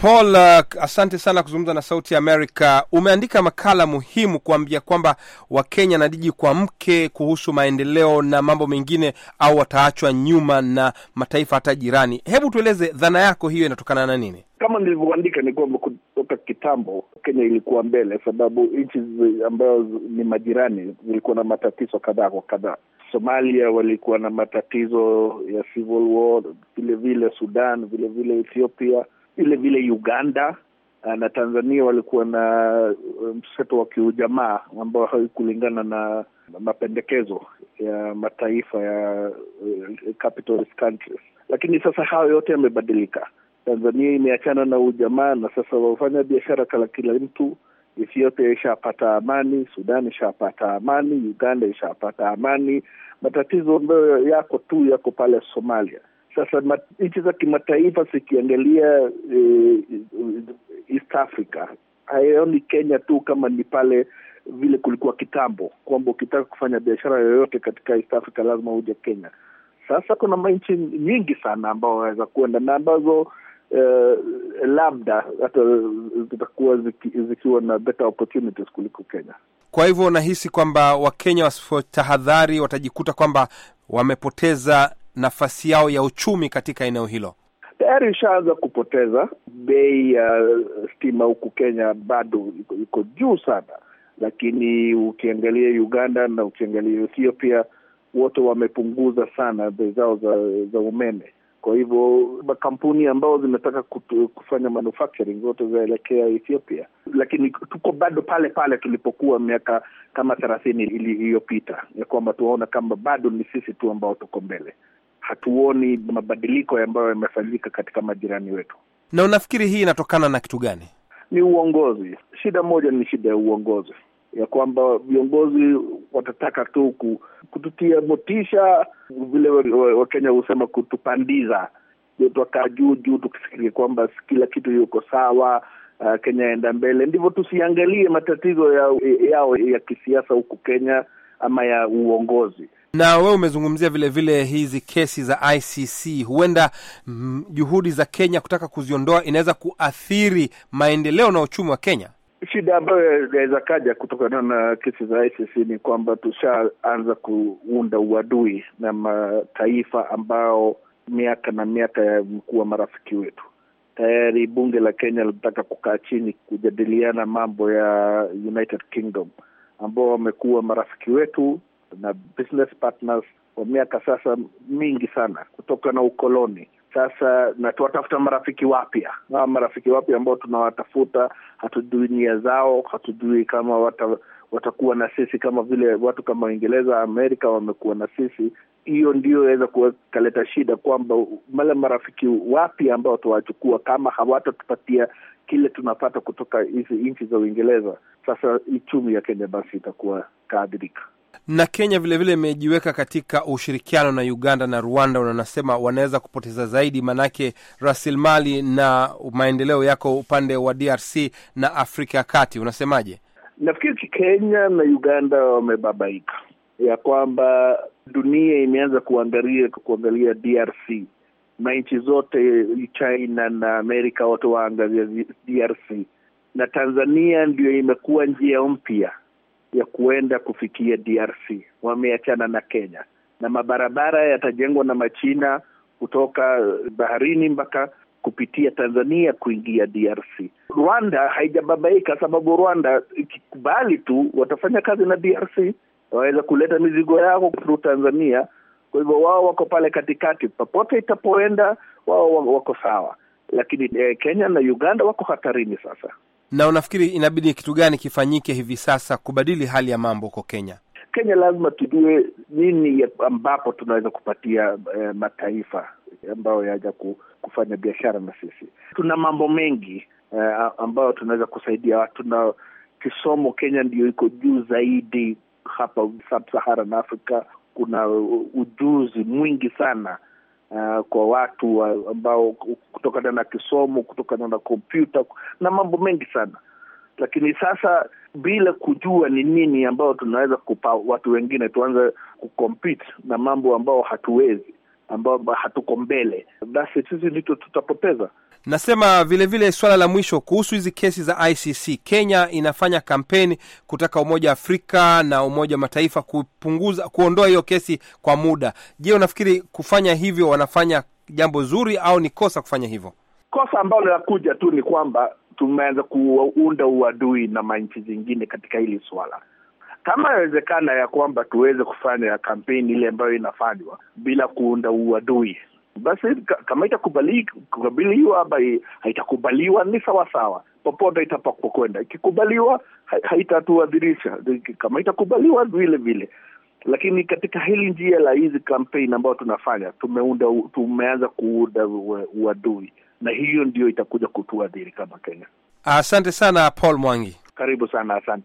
Paul, uh, asante sana kuzungumza na Sauti ya Amerika. Umeandika makala muhimu kuambia kwamba Wakenya na jiji kwa mke kuhusu maendeleo na mambo mengine, au wataachwa nyuma na mataifa hata jirani. Hebu tueleze dhana yako hiyo inatokana na nini? Kama nilivyoandika ni kwamba kutoka kitambo Kenya ilikuwa mbele, sababu nchi ambayo ni majirani zilikuwa na matatizo kadhaa kwa kadhaa. Somalia walikuwa na matatizo ya civil war, vilevile Sudan, vilevile Ethiopia vile vile Uganda eh, na Tanzania walikuwa na eh, mseto wa kiujamaa ambao haikulingana na mapendekezo ya mataifa ya eh, capitalist countries, lakini sasa hayo yote yamebadilika. Tanzania imeachana na ujamaa na sasa wafanya biashara kala kila mtu. Ethiopia ishapata amani, Sudan ishapata amani, Uganda ishapata amani. Matatizo ambayo yako tu yako pale Somalia. Sasa nchi za kimataifa zikiangalia eh, East Africa haioni Kenya tu kama ni pale vile kulikuwa kitambo, kwamba ukitaka kufanya biashara yoyote katika East Africa lazima uje Kenya. Sasa kuna manchi nyingi sana ambao wanaweza kuenda na ambazo eh, labda hata zitakuwa ziki, zikiwa na better opportunities kuliko Kenya. Kwa hivyo unahisi kwamba Wakenya wasipotahadhari watajikuta kwamba wamepoteza nafasi yao ya uchumi katika eneo hilo? Tayari ishaanza kupoteza. Bei ya uh, stima huku Kenya bado iko juu sana, lakini ukiangalia Uganda na ukiangalia Ethiopia wote wamepunguza sana bei zao za, za umeme. Kwa hivyo makampuni ambao zimetaka kutu, kufanya manufacturing zote zaelekea Ethiopia, lakini tuko bado pale pale tulipokuwa miaka kama thelathini iliyopita, ya kwamba tuwaona kama bado ni sisi tu ambao tuko mbele hatuoni mabadiliko ambayo yamefanyika katika majirani wetu. Na unafikiri hii inatokana na kitu gani? Ni uongozi. Shida moja ni shida ya uongozi, ya kwamba viongozi watataka tu kututia motisha, vile Wakenya husema kutupandiza twakaa juu juu, tukifikiria kwamba kila kitu yuko sawa, uh, Kenya enda mbele. Ndivyo tusiangalie matatizo yao ya, ya, ya kisiasa huku Kenya ama ya uongozi. Na wewe umezungumzia vilevile hizi kesi za ICC, huenda mm, juhudi za Kenya kutaka kuziondoa inaweza kuathiri maendeleo na uchumi wa Kenya. Shida ambayo inaweza kaja kutokana na kesi za ICC ni kwamba tushaanza kuunda uadui na mataifa ambao miaka na miaka yamekuwa marafiki wetu. Tayari bunge la Kenya linataka kukaa chini kujadiliana mambo ya United Kingdom ambao wamekuwa marafiki wetu na business partners kwa miaka sasa mingi sana kutoka na ukoloni sasa na tuwatafuta marafiki wapya hawa marafiki wapya ambao tunawatafuta hatujui nia zao hatujui kama wata, watakuwa na sisi kama vile watu kama uingereza amerika wamekuwa na sisi hiyo ndio aweza kaleta shida kwamba wale marafiki wapya ambao tuwachukua kama hawatatupatia kile tunapata kutoka hizi nchi za uingereza sasa uchumi ya kenya basi itakuwa kaadhirika na Kenya vilevile imejiweka vile katika ushirikiano na Uganda na Rwanda, wanasema wanaweza kupoteza zaidi, maanake rasilimali na maendeleo yako upande wa DRC na Afrika ya Kati. Unasemaje? Nafikiri Kenya na Uganda wamebabaika ya kwamba dunia imeanza kuangalia kuangalia DRC na nchi zote China na Amerika wote waangalia DRC na Tanzania ndio imekuwa njia mpya ya kuenda kufikia DRC. Wameachana na Kenya, na mabarabara yatajengwa na Machina kutoka eh, baharini mpaka kupitia Tanzania kuingia DRC. Rwanda haijababaika, sababu Rwanda ikikubali tu watafanya kazi na DRC, waweza kuleta mizigo yao through Tanzania. Kwa hivyo wao wako pale katikati, popote itapoenda wao wako sawa, lakini eh, Kenya na Uganda wako hatarini sasa. Na unafikiri inabidi kitu gani kifanyike hivi sasa kubadili hali ya mambo huko Kenya? Kenya lazima tujue nini ambapo tunaweza kupatia e, mataifa ambayo yaja kufanya biashara na sisi. Tuna mambo mengi e, ambayo tunaweza kusaidia watu na kisomo. Kenya ndiyo iko juu zaidi hapa sub-Saharan Africa. Kuna ujuzi mwingi sana uh, kwa watu ambao kutokana na kisomo, kutokana na kompyuta na mambo mengi sana, lakini sasa bila kujua ni nini ambayo tunaweza kupa watu wengine, tuanze kucompete na mambo ambao hatuwezi ambao hatuko mbele, basi sisi ndito tutapoteza. Nasema vilevile vile, swala la mwisho kuhusu hizi kesi za ICC, Kenya inafanya kampeni kutaka Umoja wa Afrika na Umoja wa Mataifa kupunguza, kuondoa hiyo kesi kwa muda. Je, unafikiri kufanya hivyo wanafanya jambo zuri au ni kosa kufanya hivyo? Kosa ambalo linakuja tu ni kwamba tumeanza kuunda uadui na manchi zingine katika hili swala kama yawezekana ya kwamba tuweze kufanya kampeni ile ambayo inafanywa bila kuunda uadui basi kama itakubaliwa ama haitakubaliwa ni sawasawa popote itapakwa kwenda ikikubaliwa haitatuadhirisha kama itakubaliwa vile vile lakini katika hili njia la hizi kampeni ambayo tunafanya tumeunda tumeanza kuunda uadui na hiyo ndio itakuja kutuadhiri kama kenya asante sana paul mwangi karibu sana asante